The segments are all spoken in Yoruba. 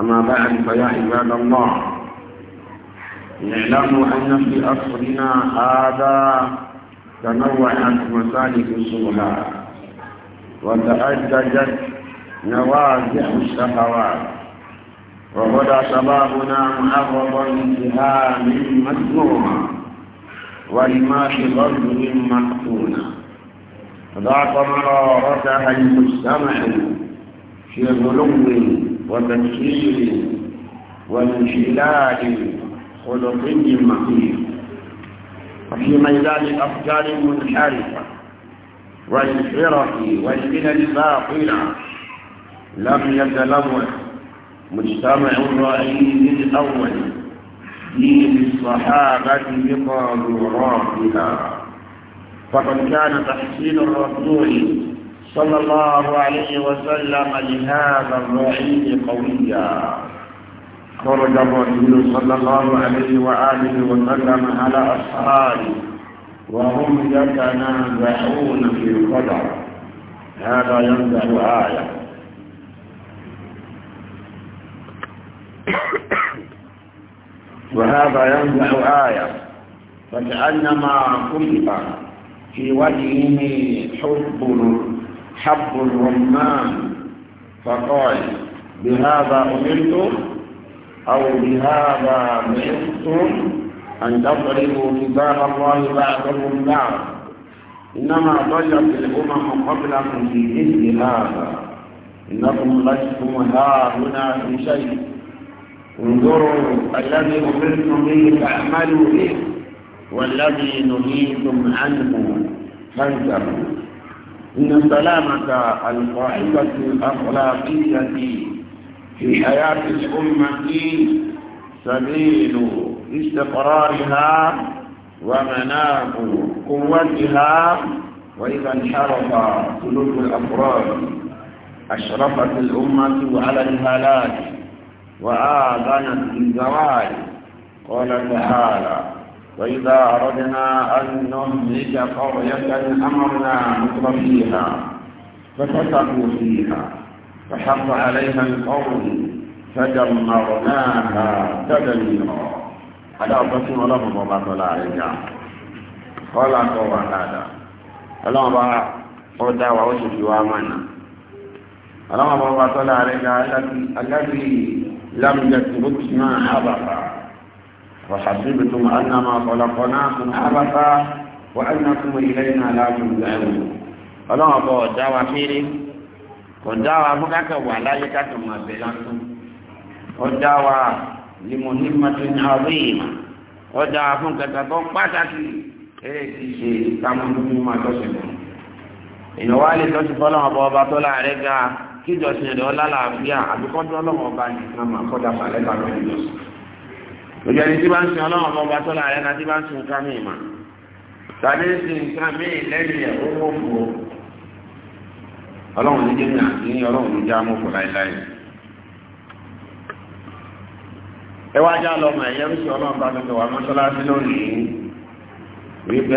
أما بعد فيا عباد الله اعلموا أن في أصلنا هذا تنوعت مسالك الشبهات وتأججت نوازع الشهوات وبدا شبابنا معرضا لاتهام ولما في ظلم مقتولا ذاق مرارتها المجتمع في غلو وتكفير وانشلال خلقي مخيف وفي ميدان الأفكار المنحرفة والفرق والبنى الباطلة لم يتلوث مجتمع الرئيس الأول دين الصحابة بطالوراتها فقد كان تحسين الرسول صلى الله عليه وسلم لهذا الرعيد قويا خرج الرسول صلى الله عليه وآله وسلم على أصحابه وهم يتنازعون في القدر هذا ينزع آية وهذا ينزع آية فكأنما كتب في وجهه حب حب الرمان فقال بهذا أمرتم أو بهذا مئت أن تضربوا كتاب الله بعدهم بعض إنما ضلت الأمم قبلكم في مثل هذا إنكم لستم ها هنا في شيء انظروا الذي أمرتم به فاعملوا به والذي نهيتم عنه فانتهوا إن سلامة القاعدة الأخلاقية في حياة الأمة سبيل استقرارها ومناب قوتها وإذا انحرف سلوك الأفراد أشرفت الأمة على الهلاك وآذنت بالزواج قال تعالى وإذا أردنا أن نهلك قرية أمرنا متر فيها ففسقوا فيها فحق عليها القول فدمرناها تدميرا هذا قسم لهم الله تعالى عليك قال قوة هذا اللهم بقى قد وعوش في اللهم الله تعالى عليك الذي لم يترك ما حضر وحسبتم أنما خلقناكم عبثا وأنكم إلينا لا ترجعون ọlọ́run ọba ọ̀dá wa méré kò dá wa fún kákẹ́ wà láyé kákẹ́ mọ̀ ẹ̀bẹ̀ lásán ọ̀dá wa limonimatu ní àwéyìmá ọ̀dá wa fún tó pàtàkì eré ti ṣe kámọ́dúnmí máa tọ́sí lọ. èèyàn wá lè tọ́sí fọlọ́run ọba ọba tó láàrẹ́ ga kíjọsìn ẹ̀dọ́ lálàáfíà àbíkọ́dún ọlọ́run ọba nìkan máa kọ́dà pàlẹ́ pàlọ́ ìjọsìn. ìjọ ni tí bá ń sin ọlọ́run ọba tọ́lá ayé náà tí bá ń sin nǹkan mí mà tàbí ń sin nǹkan mí lẹ́yìn ẹ̀ owó fò ọlọ́run ní jẹ́mi àti ní ọlọ́run ló já mú fò láéláé. ẹ wá já lọ mọ ọlọ́run bá wà lónìí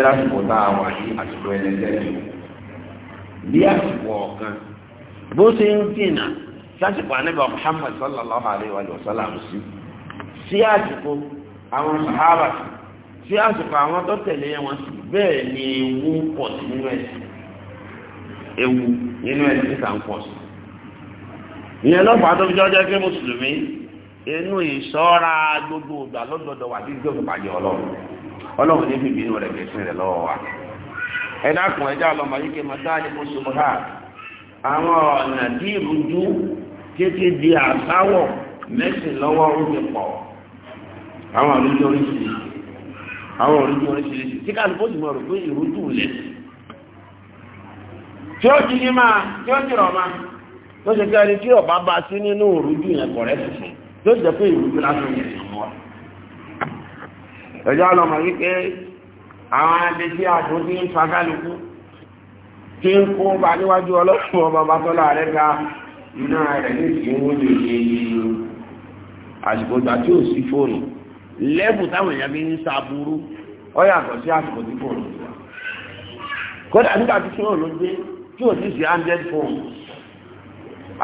lásìkò tá a wà yìí àsìkò bí àsìkò ọ̀kan bó ṣe ń dìnnà sásìkò àníbà sallallahu alayhi wa sallam sí. sí àsìkò àwọn sàhábà sí sí àsìkò àwọn tó tẹ̀lé wọn sí bẹ́ẹ̀ ewu pọ̀ ewu nínú ẹ̀sìn kà ń pọ̀ sí. ìyẹn lọ́pàá tó fi pé mùsùlùmí inú ìṣọ́ra gbogbo ìgbà lọ́dọọdọ wà dídí ọlọ́run ọlọ́run ní bíbí inú rẹ̀ rẹ̀ lọ́wọ́ wa. ẹ dákun yìí àwọn ọ̀nà ìrújú àwọn àrùjọ oríṣiríṣi àwọn àrùjọ oríṣiríṣi tí kálukú ti mọ̀ rò pé ìrújú lẹ̀ tí ó jí máa tí ó jìrọ̀ máa tó ṣe kí ẹni tí ọba bá sí nínú ìrújú yẹn kọ̀rẹ́ tuntun tó jẹ́ pé ìrújú lásán yẹn sọ̀rọ̀ wa. ẹ̀jọ́ ọlọ́mọ wípé àwọn adé tí àtún ti ń fa kálukú tí ń kó ba níwájú ọlọ́sùn ọba bàtọ́lá rẹ̀ ga iná rẹ̀ ní ìwúlò yẹyẹ àsìkò ìgbà tí ò sí fóònù lẹ́bù táwọn èèyàn bí ń sàbúrú ọ sí àsìkò tí kò lọ kódà nígbà tí kò ló dé tí ò sì sí hundred phones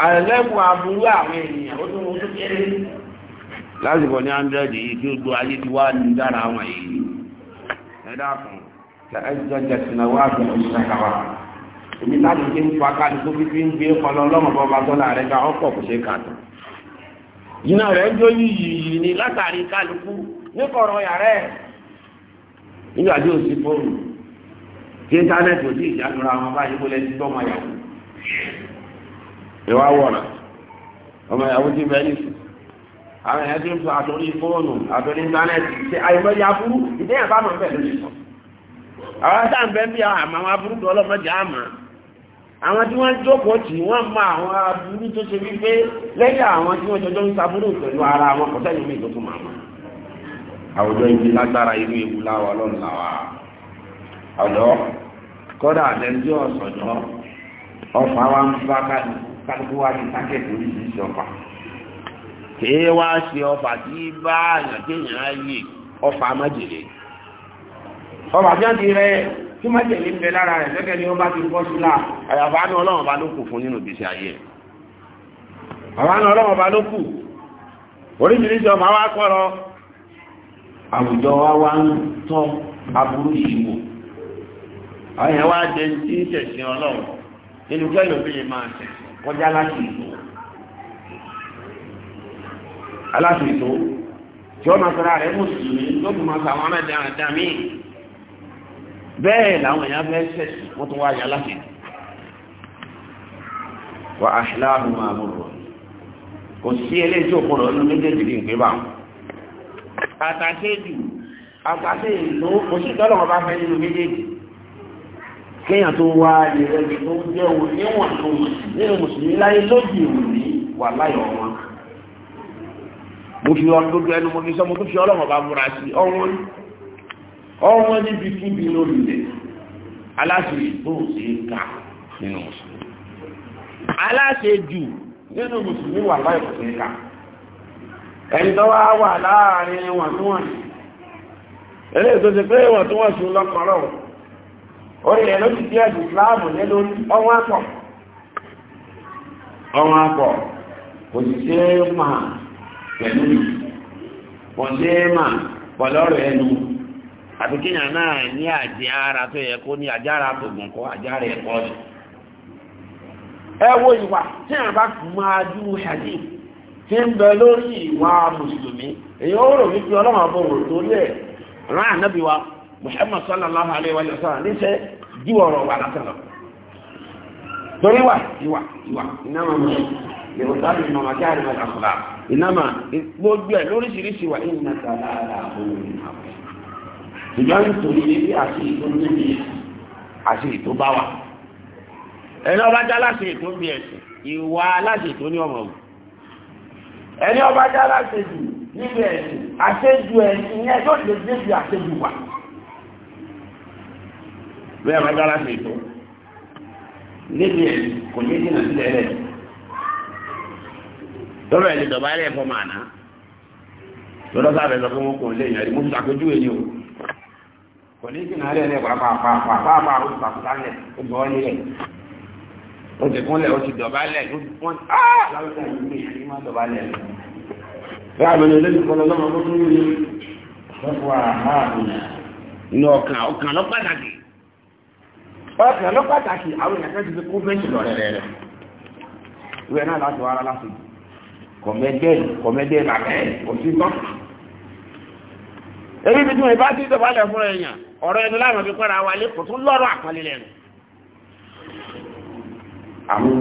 àlẹ́bù aburú àwọn ó tún kéré lásìkò ní hundred yìí tí ó ayé wá ní dára àwọn ẹ̀dá kan náà wá èmi láti ń fa iná rẹ̀ ń jó yìí ní látàrí kálukú ní yàrá ẹ̀ nígbà tí sì fóònù tí íńtánẹ́ẹ̀tì ò sí ìjánura wọn báyìí kó lẹ́sí tọ́mọ yàwó ìwà wọ̀nà ọmọ yàwó ti bẹ́ẹ̀ ní sùn àwọn ń sọ àtòrí fóònù àtòrí íńtánẹ́ẹ̀tì ṣe mọ̀ bẹ́ẹ̀ sọ àwọn àwọn tí wọ́n jókòó tí wọ́n máa àwọn aburú tó ṣe wípé lẹ́yìn àwọn tí wọ́n jọjọ ń saburú pẹ̀lú ara wọn kò sẹ́yìn mi ìdókòó máa wọn. àwùjọ ibi lágbára irú ewu láwa ọlọ́run làwà ọ̀dọ́ kọ́dà àtẹ́jú ọ̀sọ̀dọ́ ọ̀fà wa ń bá kálukú wa ti sákẹ́tì oríṣiríṣi ọ̀fà. kèé wá ṣe ọ̀fà tí bá àyàn kéèyàn á yè ọ̀fà májèlé ọ̀fà tí wọ́n ti rẹ́ tí má jẹ̀lé ń bẹ lára rẹ̀ gẹ́gẹ́ ni wọ́n bá ti bọ́ sí là àyàfà ní ọlọ́run bá ló kù fún nínú ìgbésí ayé ẹ̀ àwọn ní ọlọ́run bá ló kù oríṣiríṣi ọmọ wa kọ́rọ àwùjọ wa wá ń tọ́ aburú yìí wò àwọn yẹn wá jẹ tí ń tẹ̀sìn ọlọ́run nínú kẹ́lò bí lè máa tẹ̀ kọjá láti ìlú aláṣẹ ìlú tí wọ́n bẹ́ẹ̀ làwọn èèyàn fẹ́ sẹ̀sì wọ́n tún wá yà láti wà áṣìláàrù máa múrò kò sí eléjì òkúrò ọdún méjèèjì ní ìpínlẹ̀ àwọn àtàkéjù àtàké ìlú kò sí tọ́lọ̀ wọn bá fẹ́ nínú méjèèjì kéèyàn tó wá ìrẹ́jì tó jẹ́ òun mo fi ọdún ẹnu mo fi sọ mo tún fi ọlọ́wọ̀n bá múra sí ọ̀run ọwọ́n níbi kíbi lórí ilẹ̀ aláṣẹ ìgbò sí ká nínú mùsùlùmí aláṣẹ jù nínú mùsùlùmí wà láìpò sí ká ẹ̀ńtọ́ wá wà láàrin wọ̀ntúnwọ̀nsì eléyìí tó ti pé wọ̀ntúnwọ̀nsì lọ́kọ̀ọ́rọ̀ orí ẹ̀ ló ti jẹ́ ìsìláàmù ní lórí ọwọ́n àpọ̀ ọwọ́n àpọ̀ kò sì ṣe é máa pẹ̀lú kò sí é máa pọ̀lọ́rọ̀ ẹnu àti náà ní àjẹ ara tó yẹ kó ní àjẹ tó gùn kọ àjẹ ẹ̀kọ́ ni. ẹ ìwà tí a bá máa dú ṣáàjì tí ń bẹ lórí ìwà mùsùlùmí èyí ó rò wípé ọlọ́run ọ̀bọ̀ wò ànábì wa Muhammad sallallahu alayhi wa sallam níṣẹ́ ọ̀rọ̀ torí wà ìwà ìwà iná máa mú ìwà sábì iná máa gbogbo ẹ̀ ìjọ nítorí ilé àti ètò níbi àti ètò bá wà ẹni ọba já láti ètò bí ẹsẹ̀ ìwà láti ètò ní ọmọ òun ẹni ọba já láti ètò níbi ẹsẹ̀ àṣejù ẹsẹ̀ ní ẹjọ́ lè débi àṣejù wà bẹ́ẹ̀ ọba já láti ètò níbi ẹsẹ̀ kò ní dínà sílẹ̀ rẹ̀ lọ́rọ̀ ẹ̀ lè dọ̀bálẹ̀ kọ̀lẹ́kì náà lẹ́lẹ́ pàápàá ó ti pàkútálẹ̀ ó bọ́ nílẹ̀ ó ti kúnlẹ̀ ó ti dọ̀bálẹ̀ ó ti pọ́n áà láwùjọ ìlú ìlú má dọ̀bálẹ̀ rẹ̀ àmì olóògbé ọlọ́mọ tó tún ní lọ́pọ̀ àmàbìnà inú ọkàn ọkàn lọ pàtàkì ọkàn lọ pàtàkì àwọn èèyàn ti fi kún fẹ́ǹsì lọ́rẹ̀ rẹ̀ rẹ̀ náà láti wá ara láti kọ̀mẹ́dẹ́ẹ̀ kọ̀mẹ́dẹ́ẹ̀ bàbẹ́ẹ̀ kò sí tọ́kì èyí bí tí wọ́n bá ti dọ̀bálẹ̀ fún èèyàn ọ̀rọ̀ ẹni láàmà fi pẹ́ra wa lé kò tún lọ́rọ̀ àpọ́nlé lẹ́nu àwọn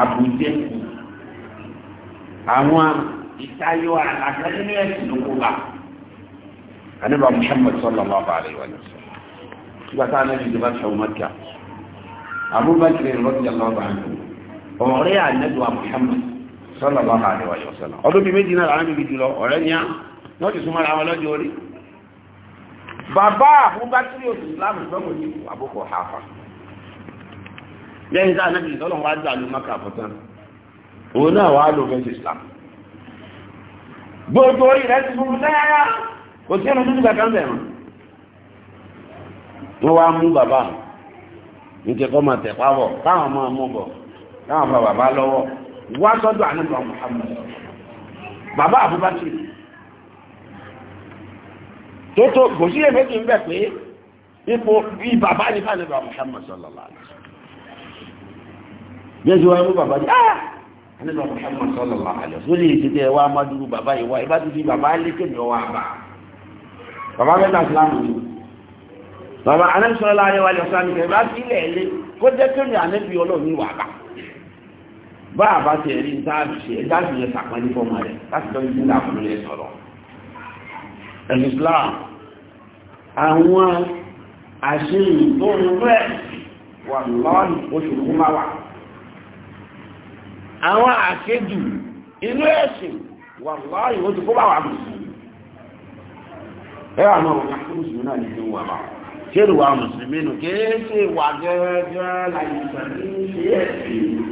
àbújẹ́ àwọn ìtayọ àkàtúnú ẹ̀sìn ló kó bá anábà Muhammad sallallahu alaihi wa sallam nígbà tá a náà ìjọba ṣàwọn mọ́tíà Abubakar radiyallahu anhu ọ̀rẹ́ ànẹ́dùwà Muhammad sallallahu alaihi wa sallam ọdún bíi náà láàrín bíi jùlọ ọ̀rẹ́ ní ó ti súnmọ́ ara wọn lọ́jọ́ orí bàbá àbúbákírí òsì islamu gbọ́mọ̀ ní àbúkọ hafa lẹ́yìn tí a náà ti sọ́lọ̀ wá jà ló mọ́kà fọ́tán òun náà wá lò fẹ́ǹsì islam gbogbo orí rẹ̀ ti fún lẹ́yà kò sí ẹnu tuntun kankan bẹ̀rù wọ́n wá mú bàbá nítorí ọmọ tẹ̀pá bọ̀ káwọn ọmọ ọmọ bọ̀ káwọn ọmọ bàbá lọ́wọ́ wá sọ́dọ̀ àníbọ̀ Muhammad bàbá àbúbákírí tó tó kò sí èméjì ń bẹ̀ pé ipò bí bàbá ní fàánàbà Muhammad sallallahu alaihi wasallam jẹ́jú wa mú bàbá jẹ́ ah nígbà Muhammad sallallahu alaihi wasallam lórí ìṣẹ́tẹ̀ wa mádùrú bàbá ìwà ìbá ti fi bàbá lékè ní ọwọ́ àbá bàbá mẹ́ta ìsìlámù ni bàbá anẹ́sọ̀lá ayé wa lè sọ àmì kẹfà sílẹ̀ ilé kó jẹ́ kí ní ànẹ́bí ọlọ́run wà bá bá ti ẹ̀rí dáàbì ṣe dáàbì yẹn sàpẹ́lẹ́ fọ́ọ̀mù rẹ̀ láti tọ́jú sí ìlà àwọn àṣírí tó ń rẹ̀ wà lọ́nà oṣù kó máa wà àwọn àkéjù inú ẹ̀sìn wà lọ́nà oṣù kó máa wà ẹwà náà wọ́n kí mùsùlùmí náà wà máa ṣé ìwà mùsùlùmí nù kéèké wà gẹ́gẹ́ láyé ìgbàlẹ́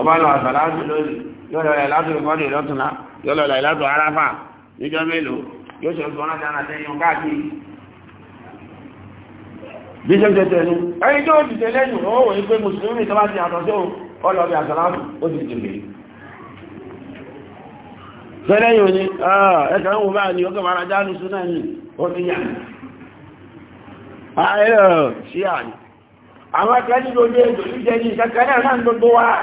ọba àtàlájú lónìí yóò lọ ìlàtò ìkọ́dé lọ́tùnlá yóò aráfà níjọ́ mélòó yóò ṣe ọdún ọ̀nà dáná tẹ́yìn káàkiri bí ṣe ń tẹ́tẹ́ ní ẹni tó ti tẹ́lẹ̀ jù ó wòye pé mùsùlùmí tó bá ti àtọ̀ sí òun ọlọ́bí àtàlájú ó ti jìnlẹ̀ tẹ́lẹ̀ ni ẹ̀kẹ́ ń wò báyìí ni ó kẹ́ mara súnà ní ó yà ní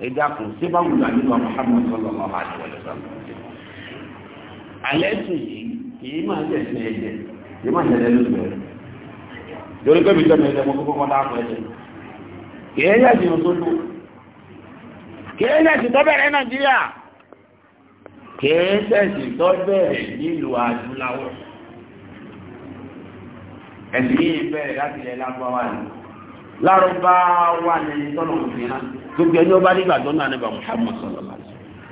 ẹja kò ṣé bá wùdà nípa Muhammad sallallahu alaihi wa sallam alẹ́ sùn yìí kì í máa tẹ̀sí ẹ̀jẹ̀ kì í máa tẹ̀lé ló bẹ̀rẹ̀ lórí pé mi jọ mi ẹ̀jẹ̀ mo kókó kọ́dá fún ẹ̀jẹ̀ kì í yá ìdìbò tó lò kì í yẹ̀sì tó bẹ̀rẹ̀ Nàìjíríà kì í yẹ̀sì tó nílùú adúláwọ̀ ẹ̀sìn yìí bẹ̀rẹ̀ láti ilẹ̀ lágbáwá ni lárúbáwá ni tọ́lọ̀ òfin náà gbogbo ẹni ọba nígbàgbọ́ náà nígbà Muhammad sallallahu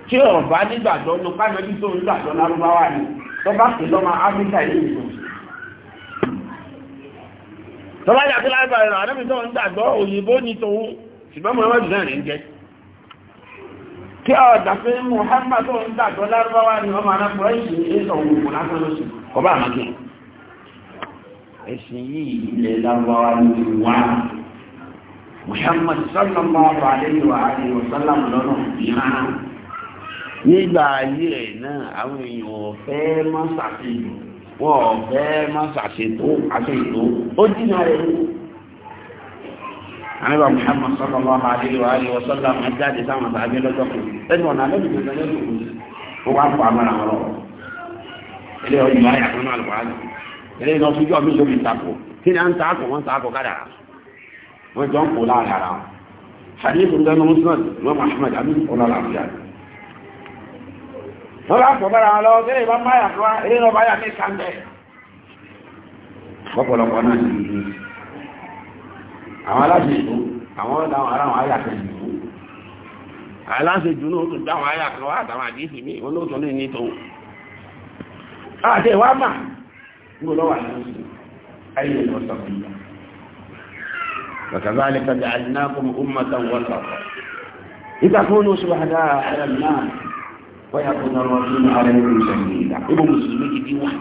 tí ọba nígbàgbọ́ ló kájọ tó ń gbàgbọ́ lárúbáwá ni tọ́ba pè lọ́mọ áfíríkà ilé ìlú tọ́ba yàtọ̀ lárúbáwá rẹ̀ àdébí tó ń ní òyìnbó ni ṣùgbọ́n jẹ́ kí ọ̀dà Muhammad sallallahu alayhi wa alayhi wa sallam lọ́nà ìhánà nígbà ayé ẹ̀ náà àwọn èèyàn ọ̀fẹ́ má ṣàfihàn wọn ọ̀fẹ́ má ṣàṣètò àṣètò ó dínà rẹ̀ àníbà Muhammad sallallahu alayhi wa alayhi wa sallam ajáde sáwọn àtàgbé lọ́jọ́ kan ẹnu ọ̀nà alẹ́ bìbí ọ̀nà lẹ́nu kò wá fọ àmàlà wọn lọ ilé ọ̀yìn ayé àtúnú àlùkò àlù ilé ìlọsíjọ́ mi ló fi kí ni à ń takò wọ́n takò kádàrà wọ́n jọ ń kó láàrin ara wọn hadith ń dánú muslim wọ́n muhammad abdul kọ́lá làbíyà wọ́n bá sọ bára lọ sí ìbá máyà fún wa eré náà báyà ní sàndẹ̀ ọ̀pọ̀lọpọ̀ náà ti rí àwọn aláṣẹ ìlú àwọn ọ̀dáwọn ará wọn ayà kan ìlú aláṣẹ ìlú náà tún dáwọn ayà kan wá àtàwọn àdífì mí olóòtú ní ní tó àti ìwá mà ń gbọ́dọ̀ wà ní ayé ìlú ọ̀sán وكذلك جعلناكم أمة وسطا لتكونوا شهداء على الناس ويكون الرسول عليكم شهيدا ابو مسلمين دي واحد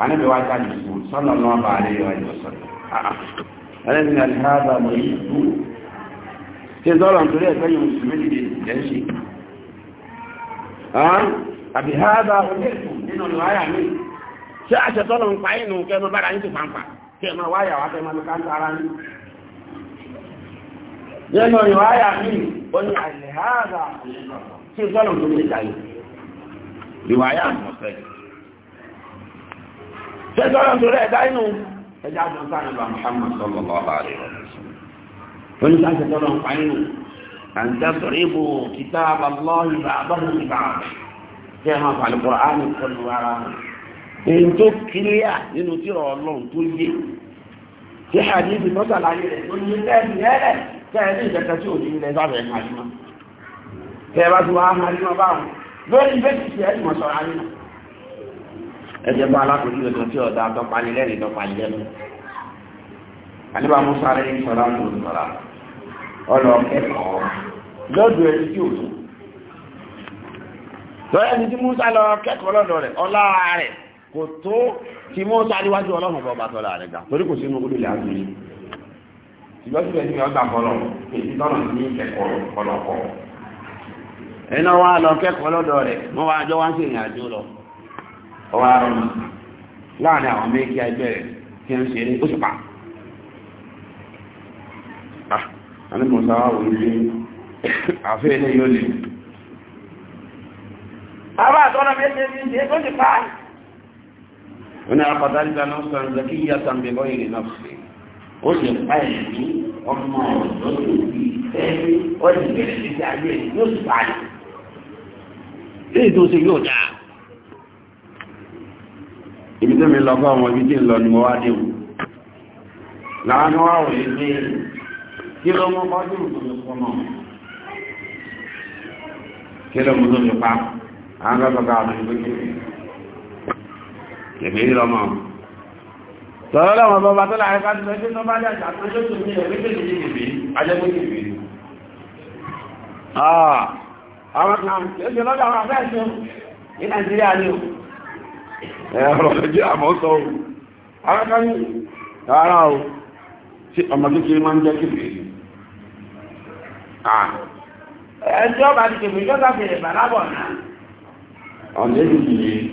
أنا بواقع المسلمون صلى الله عليه وآله وسلم أنا من هذا مريض تزال عن طريقة أي مسلمين دي جيشي ها أبي هذا أمركم لأنه رواية منه شاء شطان من قعينه كما بقى عنده فانفع kí ẹmọ wáyà wá fẹ́mọ́ lókà ń tara ní yẹ́nà ìwáyà ní oní àìlèháàdà tí ó sọ́nà tó lè jàyè ìwáyà mọ̀fẹ́ ṣe sọ́nà tó rẹ̀ dá inú ẹjá tó sáré bá Muhammad sallallahu alaihi wa sallam oní sáṣẹ tọ́lọ̀ ń pa inú àǹtẹ́sọ̀rẹ́bù kìtàbà lọ́yìn bàbá mi bàbá kí ẹ máa fà ní Kùránì kọlu ara rẹ̀ èyí tó kílíà nínú tí ọlọ́run tó yé tí àdìsí tó sàlàyé rẹ̀ tó ní lẹ́yìn lẹ́rẹ̀ tẹ́ẹ̀ ní ìjẹta tí ò ní ilẹ̀ sábẹ̀ àríwá tẹ́ẹ̀ bá ti wá àríwá báwọn lórí bẹ́ẹ̀ ti ẹ̀ mọ̀ sọ̀rọ̀ àríwá ẹjẹ́ bá alákòójú rẹ̀ tó tí ọ̀dà àtọ́palilẹ́rìn lọ́palilẹ́nu àdìbà musa rẹ̀ sọ̀rọ̀ àti òṣùmọ̀ra ọlọ́kẹ́kọ̀ọ́ lọ́dọ̀ ẹni tí ò tó lọ́yẹ́ni tí musa lọ kẹ́kọ̀ọ́ lọ́dọ̀ rẹ̀ ọlá rẹ̀ kò tó tí mọ́ sáríwájú ọlọ́run bọ́ bá tọ́lá rẹ̀ gà torí kò sínú olùlẹ̀ àtúnyí ìgbọ́sílẹ̀ ní ọgbà kọlọ̀ èyí ní kẹ́kọ̀ọ́ kọlọ̀kọ̀ ẹ̀nà wa lọ kẹ́kọ̀ọ́ lọ́dọ̀ rẹ̀ wọ́n wá jọ wá sí lọ àwọn ah, ní wọn ni afadalika nọọsọ nzaki yíya tàbí bọ́ yìí nọọsì ó lè pa ẹ̀mí ọmọ ọ̀dọ́ tó fi ẹ̀mí ó lè bẹ̀rẹ̀ títí ayé yóò sì pa àyè lọ mú ọdún tó kí ló mú tó àwọn akẹ́kọ̀ọ́ àwọn ìgbésẹ̀ èmi ń lọ́mọ tọ́lọ́ lọ́wọ́ bọ́ba tó láàrín bá ti lọ sí tó bá jáde àtúnṣe tó ní ẹ̀rí tó yìí nìbí ajẹ́gbé nìbí àwọn kan yóò ṣe lọ́dọ̀ àwọn afẹ́ ẹ̀ṣẹ́ ní nàìjíríà ni ó ẹ̀rọ ẹ̀jẹ̀ àmọ́ sọ ọ́ àwọn kan rárá o tí ọmọ kékeré máa ń jẹ́ kékeré ẹjọ́ bá ti kékeré jọ́ta fèrè bàlábọ̀ náà ọ̀nà èdè yìí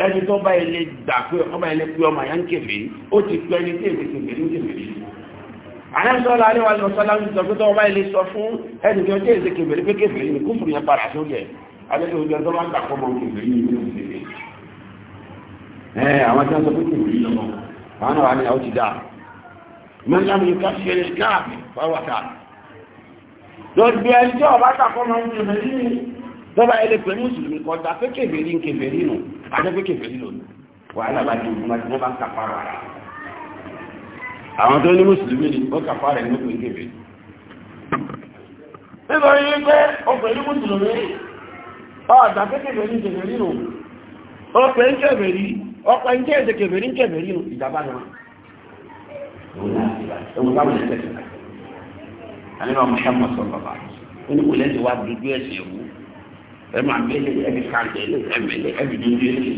ẹni tó bá ilé gbà pé ọmọ ilé pé ọmọ yẹn ń kèfè ó ti pẹ́ ní tí èdè kèfè ní kèfè yìí àyẹ̀sọ́lá aléwàlẹ̀ ọ̀sọ́lá ń sọ pé tó ọmọ ilé sọ fún ẹni tó tí èdè kèfè pé kèfè ní kúfùrù yẹn padà sórí ẹ̀ alẹ́lẹ́ ojú ẹjọ́ máa ń gbà fọmọ kèfè yìí ní kèfè ẹ àwọn tí wọ́n sọ pé kèfè yìí lọ́mọ àwọn náà wà ní àwọn ti dá mọ́nyámi káfíẹ̀rẹ̀ káàfì fáwọn káàfì tọ́ba ilé pé mùsùlùmí kọjá pé kèfèrí ń kèfèrí nù àjẹ́ pé kèfèrí lòdù wàhálà bá di ogun àti wọ́n bá ń kàfàrà rà àwọn tó ní mùsùlùmí ni wọ́n kàfàrà ẹ̀ lópin kèfèrí nítorí pé ọkùnrin mùsùlùmí ọ̀dà pé kèfèrí ń kèfèrí nù ọpẹ ń kèfèrí ọpẹ ń kèfèrí kèfèrí ń kèfèrí nù ìjàmbá ni wọn. ẹ̀wọ̀n táwọn ẹ̀ tẹ̀sí ká ẹ máa gbélé ẹbí kàgbélé ẹmẹlé ẹbí dúdúlé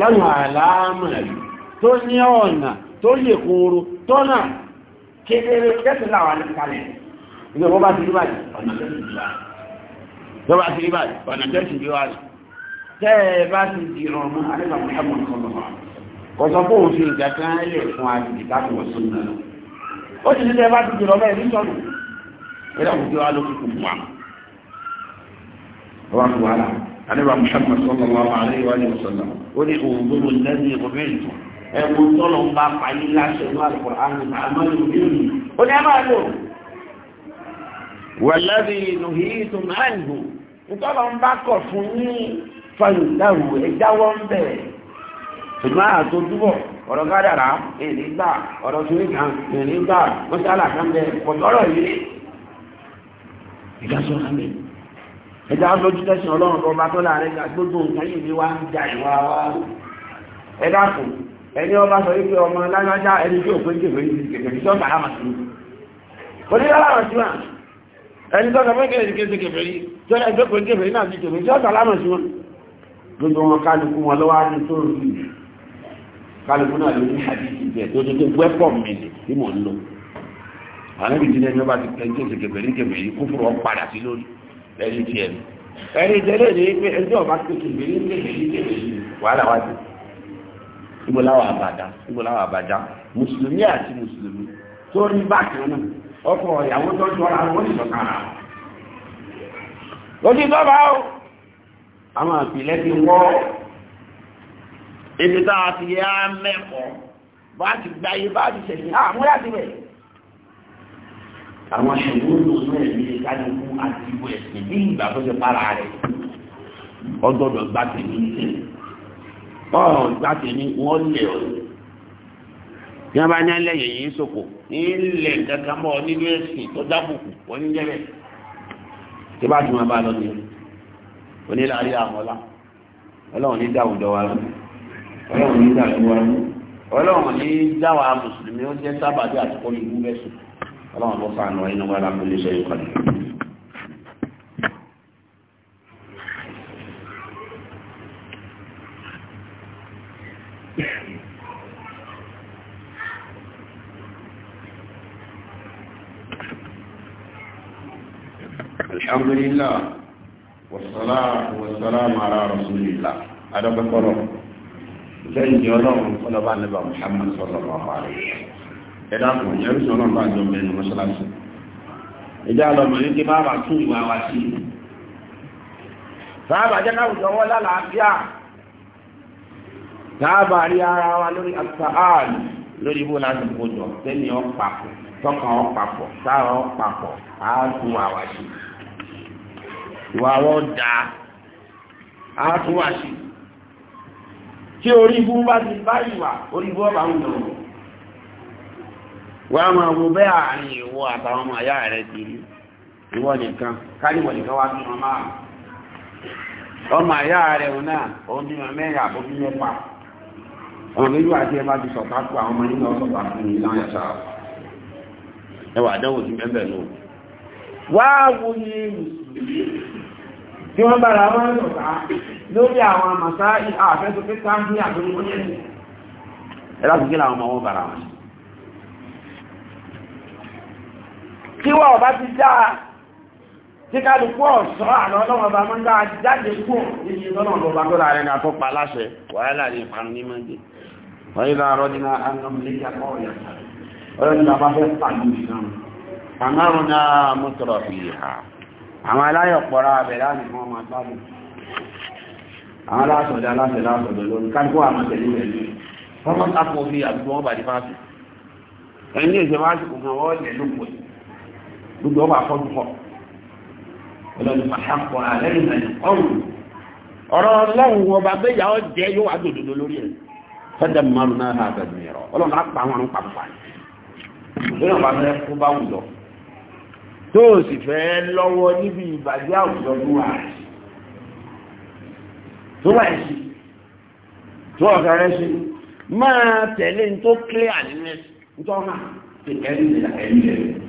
lọ́nà àlàámọ̀lì tó ní ọ̀nà tó lè kóró tọ́nà kékeré kẹ́sì láwọn alẹ́kàlẹ̀ ìgbẹ́ bọ́ bá ti rí báyìí ọ̀nà kẹ́sì bí wáyìí bọ́ bá ti rí báyìí ọ̀nà kẹ́sì bí wáyìí tẹ́ ẹ bá ti di ọmọ alẹ́kà mọ́hàmọ́n sọ́lọ́ kọ̀sọ́ fún òfin ìjà kan lè fún àjèjì láti wọ̀ sọ́nà ó ti ní tẹ́ bá ti di ọmọ ẹ̀ wà ní wàhálà àníbà Muhammad sallallahu alayhi wa sallam ó ní òǹdóró lẹ́yìn ìrọ̀mẹ́rin ẹ̀wọ̀n tọ́lọ̀ ń bá pàyí láṣẹ ní Al-Qur'an àmọ́lẹ̀ òbí ó ní ẹ̀bá lò wàlẹ́bí nuhitum anhu ìtọ́lọ̀ ń bá kọ̀ fún ní fàyọ̀dáwù ẹ̀dáwọ́ ń bẹ̀rẹ̀ ṣùgbọ́n àtọ́júbọ̀ ọ̀rọ̀ gádàrá èdè gbà ọ̀rọ̀ tó nìkan èdè gbà mọ́ṣálà kan bẹ pọ̀jọ́rọ̀ yìí ìdásọ́ra mẹ́rin ẹjọ́ alójú tẹ̀sán ọlọ́run kọ́ bá tọ́lá rẹ̀ gà gbogbo nǹkan yìí ni wá ń ja ìwà wa ẹ dákun ẹni ọba sọ wípé ọmọ lágbájá ẹni tí òpin kèfèé ní kèfèé ní sọ́ọ̀tà lámàtí onílẹ̀ lámàtí wà ẹni tọ́ta fẹ́ kèfèé ní kèfèé ní tọ́ta fẹ́ kèfèé ní àti kèfèé ní sọ́ọ̀tà lámàtí wọn gbogbo wọn kálukú wọn lọ́wọ́ á ní tó rí kálukú náà ló ní àdìsí jẹ tó tó tó wẹ́pọ̀ mi ni mò ń lò àwọn ibi tí ẹni ọba ti pẹ́ ní kèfèé ní kèfèé ní kúfùrù ọ lẹ́yìn tiẹ̀ mi ẹni pé ẹjọ́ ọba tó tún bẹ̀rẹ̀ ní ìlú ìjẹ́lẹ̀ yìí wàhálà wá dé àbàdá àbàdá mùsùlùmí àti mùsùlùmí tó rí bákan náà ọkọ ìyàwó tó jọra wọn ní àwọn àpilẹ̀ ti wọ́ ibi tá a kálukú àti ìwé ẹ̀sìn bí ìgbà tó ṣe para rẹ̀ ọgbọ́dọ̀ gbá tèmi ṣe ọ̀rọ̀ gbá tèmi wọ́n lè ọ̀ bí wọ́n bá ní ẹlẹ́yìn yìí sòkò ilẹ̀ kankan mọ́ nínú ẹ̀sìn tó dábùkù wọ́n ní jẹ́rẹ̀ tí bá tún wọn bá lọ nínú onílàárí àwọn ọlá ọlọ́run ní dáhùn jọ wa ọlọ́run ní dáhùn jọ wa ọlọ́run ní dáhùn mùsùlùmí ó jẹ́ sábàdí ọlọ́run bó sànù ẹ̀yìn wà lápò lè ṣe ìkọlù. الحمد لله والصلاة والسلام على رسول الله هذا بقرار لأن يولون صلى الله عليه وسلم محمد صلى الله عليه وسلم ẹ̀dá kan yẹn ń sọ̀rọ̀ bá jọ mẹ́nu mọ́ṣáláṣí ìjà lọ́mọ yìí kí bàbá tún ìwà wa sí i bàbá jẹ́ káwùjọ wọ́n lálàáfíà bàbá rí ara wa lórí àtàlù lórí ibú láti kójọ tẹ́ni ọ́ papọ̀ tọkàn ọ́ papọ̀ sáà ọ́ papọ̀ á tún àwa sí i ìwà wọn dáa á tún wá sí i tí orí ibú bá ti bá ìwà orí ibú ọba ń lọ wọ́n á máa wo bẹ́ẹ̀ àárín ìwọ àtàwọn ọmọ àyá rẹ̀ ti rí ìwọ nìkan kálíwọ̀ nìkan wá bí wọn máa ọmọ àyá rẹ̀ wọn náà òun bí wọn mẹ́rin àbó bí mẹ́fà ọmọ méjì àti ẹ bá ti sọ̀tà kú àwọn ọmọ nínú ọ̀sọ̀tà fún mi láwọn ẹ̀ṣà ẹwà àdánwò sí mẹ́bẹ̀ lò wá wo ni tí wọ́n bára wọn sọ̀tà lórí àwọn àmàṣá àfẹ́sọ̀fẹ́ sáà ní àgbẹ̀rún ẹ̀rọ àfikẹ́ làwọn ọmọ wọn bára wọn kí wọ́n ọba ti dáa tí kálukú ọ̀sán àlọ́ ọlọ́wọ́ ọba máa ń dáa jáde kú nínú ìtọ́nà ọba tó láàrin ká tó pa láṣẹ wàhálà ní ìparun ní mọ́jẹ wàhálà rọ́dínà anamílẹ́kì akọ́ọ̀yà ọlọ́ni bàbá fẹ́ pàdé ìsàn àmárùn náà mọ́tọ̀rọ̀ fi hà àwọn aláyọ̀ pọ̀ra abẹ̀rẹ̀ àmì wọn máa gbádùn àwọn aláṣọ̀dẹ̀ aláṣẹ̀ láṣọ̀dẹ̀ lórí kálukú àmọ̀tẹ̀lé pẹ̀lú wọ́n máa ń tapọ̀ fi àdúgbò wọn bàdí fáàsì ẹni ìṣẹ́wáṣì kò mọ̀ wọ́ọ̀lẹ̀ lóko yìí gbogbo ọba afọ́jú kọ ọlọ́run pàṣàpọ̀ àlẹ́yìn náà ọrùn ọ̀rọ̀ ọlọ́run ọba bẹ́yà ọ jẹ́ yóò wá dòdòdó lórí ẹ̀ fẹ́dẹ̀ márùn náà ha bẹ̀rẹ̀ mìíràn ọlọ́run á pa àwọn pàpà ìgbéyàn bá fẹ́ kó bá wùdọ̀ tó o sì fẹ́ lọ́wọ́ níbi ìbàjẹ́ àwùjọ tó wà tó wà sí tó ọ̀fẹ́ rẹ sí máa tẹ̀lé ní tó kílíà nínú ẹ̀ ní tó hàn kékeré ní ìlànà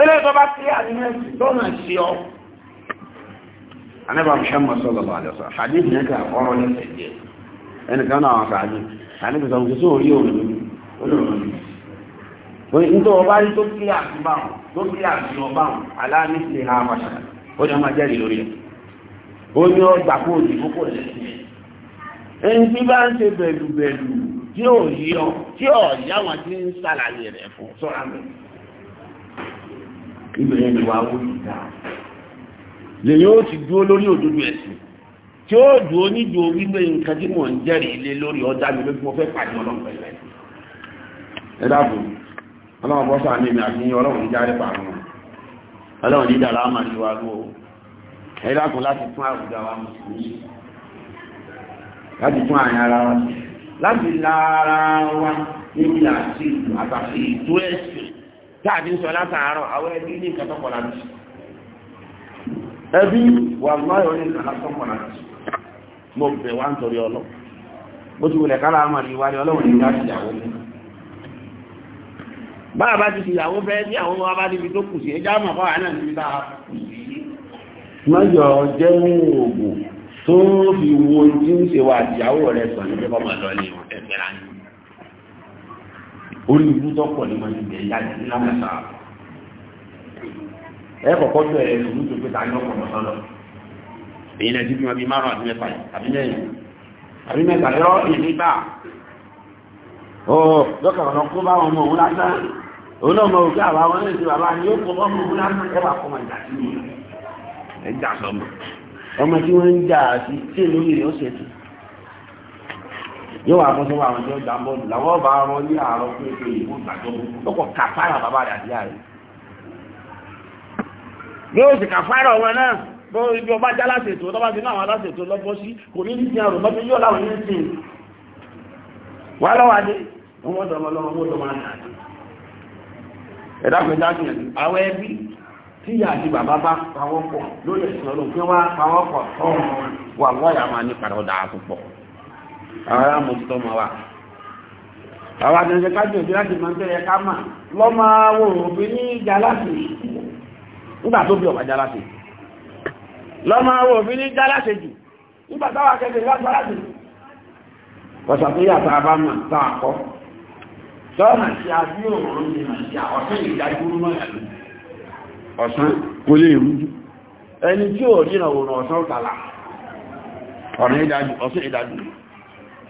eléyìí tó bá sí àdínú ẹ̀sìn tó nà sí ọ. anábà Muhammad sallallahu alaihi wasallam hadith yẹn kà ọ̀rọ̀ ní ẹjẹ ẹnìkan náà wọn sàájú àníbi sọ wọn sọ orí òun olóòrùn wọn nítorí ọba yìí tó kílẹ̀ àtúbà wọn tó kílẹ̀ àtúbà wọn aláàmì sí ha wàṣà ó ní ọmọ jẹ́rìí lórí ẹ̀ ó ní ọgbà kó òdì kókó lẹ́sìn ẹ̀ ẹni tí bá ń ṣe bẹ̀lùbẹ̀lù tí ò yí tí ò yá wọn ń ṣàlàyé rẹ̀ fún sọ́ra mi ìbẹ̀rẹ̀ ni wà wó ìdá lèyìn ó ti dúó lórí òdodo ẹ̀sìn tí ó dúó nídùú wípé nǹkan tí mò ń jẹ́rìí lé lórí ọjà mi lójú mo fẹ́ pàdé ọlọ́run pẹ̀lú ẹ dáàbò ọlọ́run bọ́ sáà mímí àti ọlọ́run járe pàrọ̀ ọlọ́run ní dàrá máa ní wa lóò ẹ dákun láti tún àwùjọ wa mùsùlùmí láti tún àyàn ara wa láti la ara wa níbi àti ìlú àtàkì ìtú ẹ̀sìn táàbí sọ látàárọ̀ àwọn ẹbí ní nǹkan tọ́pọ̀ láti ẹbí wà lọ́yọ̀ ní nǹkan tọ́pọ̀ láti mo bẹ̀ wá nítorí ọlọ́ bó ti wulẹ̀ kálá àmà ní ìwádìí ọlọ́wọ̀n ní láti ìyàwó ní báyà bá ti ìyàwó fẹ́ ní àwọn ọmọ bá níbi tó kù sí ẹjá mọ̀ fáwọn náà níbi tá a mọ́jọ jẹ́ mú oògùn tó fi wo tí ń ṣe wà ìyàwó rẹ̀ sọ ní pé mọ̀ lọ ní ẹ̀fẹ́ rání orí ìlú tó pọ̀ ní wọn ìgbẹ́ ìyá ìdílé lámẹ́ta ẹ kọ̀kọ́ tó ẹ lòlú tó pé ta ní ọkọ̀ mọ̀sán lọ èyí náà dídùn àbí márùn àbí mẹ́fà àbí mẹ́rin àbí mẹ́ta lọ́rọ́ ìnígbà ó lọ́kàn ọ̀nà kó bá wọn mọ̀ òun lásán òun náà mọ òkè àbá wọn lè ṣe bàbá ni yóò kọ́ bọ́mọ òun lásán ẹ wà fọmọ ìjà sí mi ẹ jà sọmọ ọmọ tí wọ́n ń jà sí tí èlò yìí ó ṣe tù yóò wà fún sọ́wọ́ àwọn tó gbà bọ́ọ̀lù làwọn bá rọ ní àárọ̀ pé pé ìbò gbàjọ́ lọ́kọ̀ kàfàrà bàbá rẹ̀ àdíyà rẹ̀ yóò sì kàfàrà wọn náà bó ibi ọba já láṣètò tọ́ba ti náà àwọn aláṣètò lọ́gbọ́ sí kò ní ní àrùn mọ́tò yóò láwọn yóò sìn wà lọ́wọ́ adé wọ́n dọ̀mọ lọ́wọ́ wọ́n dọ̀mọ náà ara mọ̀tọ́ mọ̀ wa àwọn àjọṣe kájú òbí láti máa ń tẹ́lẹ̀ ká mà lọ́mọ wo òbí ní ìjà nígbà tó bí ọ̀pá já láti lọ́mọ wo òbí ní ìjà jù nígbà táwọn akẹ́kẹ̀ẹ́ láti láti kọ̀sà tó yàtọ̀ àbámà tá a na sọ́ọ̀nà tí òòrùn ní ọ̀sán ọ̀sán kò lè rújú ẹni tí ò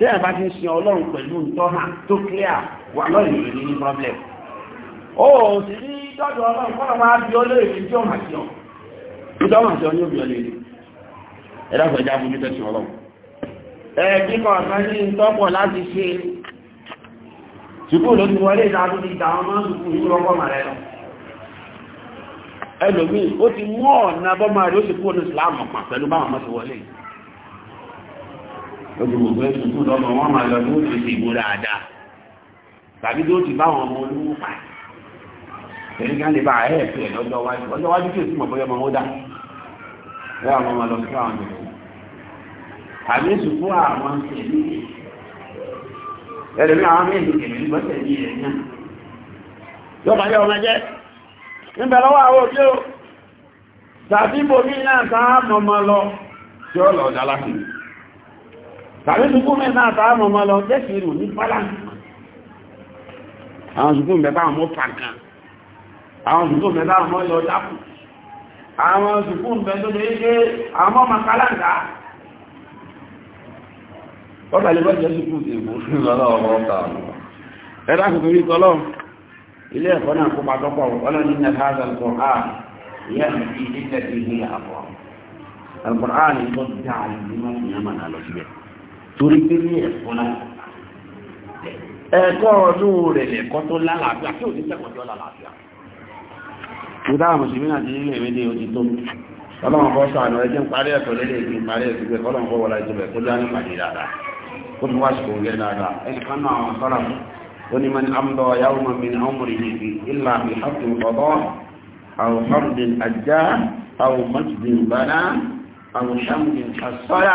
tí ẹ̀ bá ti ń sin ọlọ́run pẹ̀lú ntọ́hà tó clear wà lọ́yìn ni ní problem. ó sì ní dọ́dọ̀ ọlọ́run ma máa bí olóòrè tí ó máa ṣe ọ́ nítorí ọmọ àti ọyún obìnrin lè ẹ dákọ̀ ẹja fún títẹ̀ sí ọlọ́run. ẹ kíkọ ọ̀sán ní ntọ́pọ̀ láti ṣe ti ti o lójú gbogbo ẹ̀ sùkúù lọ́mọ wọn máa lọ ní oṣù ìbò dáadáa tàbí tó ti báwọn ọmọ olówó pa ẹni ká lè bá ẹ̀ ẹ̀fẹ̀ lọ́jọ́ wájú ọjọ́ wájú kí o sì mọ̀ bóyá ọmọ wọn dà bẹ́ẹ̀ àwọn ọmọ lọ sí àwọn ọmọ tàbí sùkúù àwọn ṣèlú ẹlẹ́mí àwọn méjì kèmí gbọ́sẹ̀ ní ẹ̀yàn yóò máa yọ ọmọ jẹ́ níbẹ̀ lọ́wọ́ àwọn òbí o tàbí bòmí náà tá a mọ̀ mọ́ lọ tí ó lọ dá láti tàbí sùkú mẹ́ náà tàà mọ̀ mọ́ lọ jẹ́sì rò ní balance àwọn sùkú mẹ́ táwọn mọ́ pàǹkan àwọn sùkú mẹ́ táwọn mọ́ lọ dákù àwọn sùkú mẹ́ tó lè ṣe àwọn mọ́ makalanga ọ̀tà lè bọ́jẹ́ sùkú ti ìbò lọ́lọ́ ọ̀rọ̀ ọ̀tà ẹ̀dá kò torí tọ́lọ́ ẹ̀kọ́ náà kó pàtọ́pọ̀ ọlọ́ni ní ẹ̀háza al-Qur'an yẹ́ ìdílẹ̀ ní àbọ̀ al-Qur'an ni torí pé ní ẹ̀kọ́ náà ẹ̀kọ́ ọdún rẹ̀ lẹ̀kọ́ tó lálàáfíà tí ò ní sẹ́kọ̀ọ́ tó lálàáfíà ìdáhà mùsùlùmí àti ilé ìwé ní ojú tó ọlọ́run kọ́ sànù ẹjẹ́ ń parí ẹ̀kọ́ lélẹ̀ ìgbì parí ẹ̀kọ́ pé ọlọ́run kọ́ wọlá ìjọba ẹ̀kọ́ dání pàdé dáadáa kó tó wáṣù kò yẹ dáadáa ẹnì kan náà àwọn sọ́ra ó ní mani amdọ̀ yàwó ma mi ní ọmọrì yìí ilà mi hàtù ọ̀dọ́ àwọn àjá àwọn mọ́tìdìn bàná àsọ́yà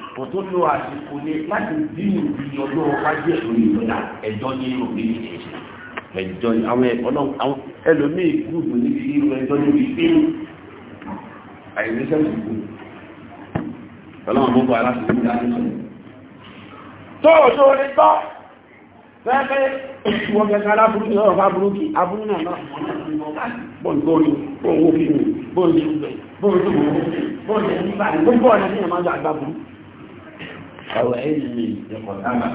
kò tó lo àsìkò lè láti dínú bí ọjọ́ wájú ẹ̀rọ ìlọ́dà ẹjọ́ ní òbí ní ẹ̀ṣẹ̀ ẹjọ́ àwọn ọlọ́run àwọn ẹlòmíì gúùsù níbi irú ẹjọ́ níbi pín àìríṣẹ́ ìsìnkú ọlọ́run gbogbo aláṣẹ ní àdéṣe tó o tó o lè gbọ́ fẹ́fẹ́ wọ́n kẹ́kẹ́ aláburú ní ọ̀rọ̀ fáburúkì aburú náà náà bọ́ọ̀lù bọ́ọ̀lù bọ́ọ̀lù bọ́ọ̀lù bọ́ọ̀lù bọ́ọ̀lù bọ́ọ̀lù bọ́ọ̀lù bọ́ọ̀lù bọ́ọ̀lù bọ́ọ̀lù àwọn ẹ̀yìn ẹ̀kọ́ tábà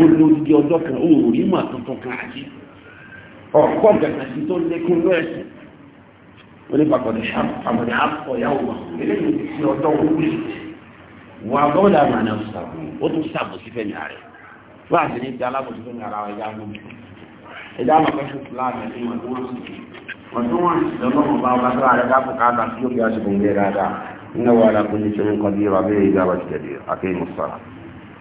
olórí ọjọ́ kan òòrí mà tuntun kan àti ọ̀pọ̀ gàgà sí tó lékún lọ́ẹ̀sìn wọ́n ní pàkọ̀dé àpọ̀dé àpọ̀yàwó wa eléyìí ti fi ọjọ́ wúlò wà bọ́ọ̀dà màná sàbò ó tún sàbò sí fẹ́mi ààrẹ wọ́n àti ní ti alábòsí fẹ́mi ara wa ẹja mú ẹja àmọ̀fẹ́ fún fúlàmì ẹni bá wọn bá tó àrẹ káàkó káàkó إنه على كل شيء قدير به إذا واجتدير أقيموا الصلاة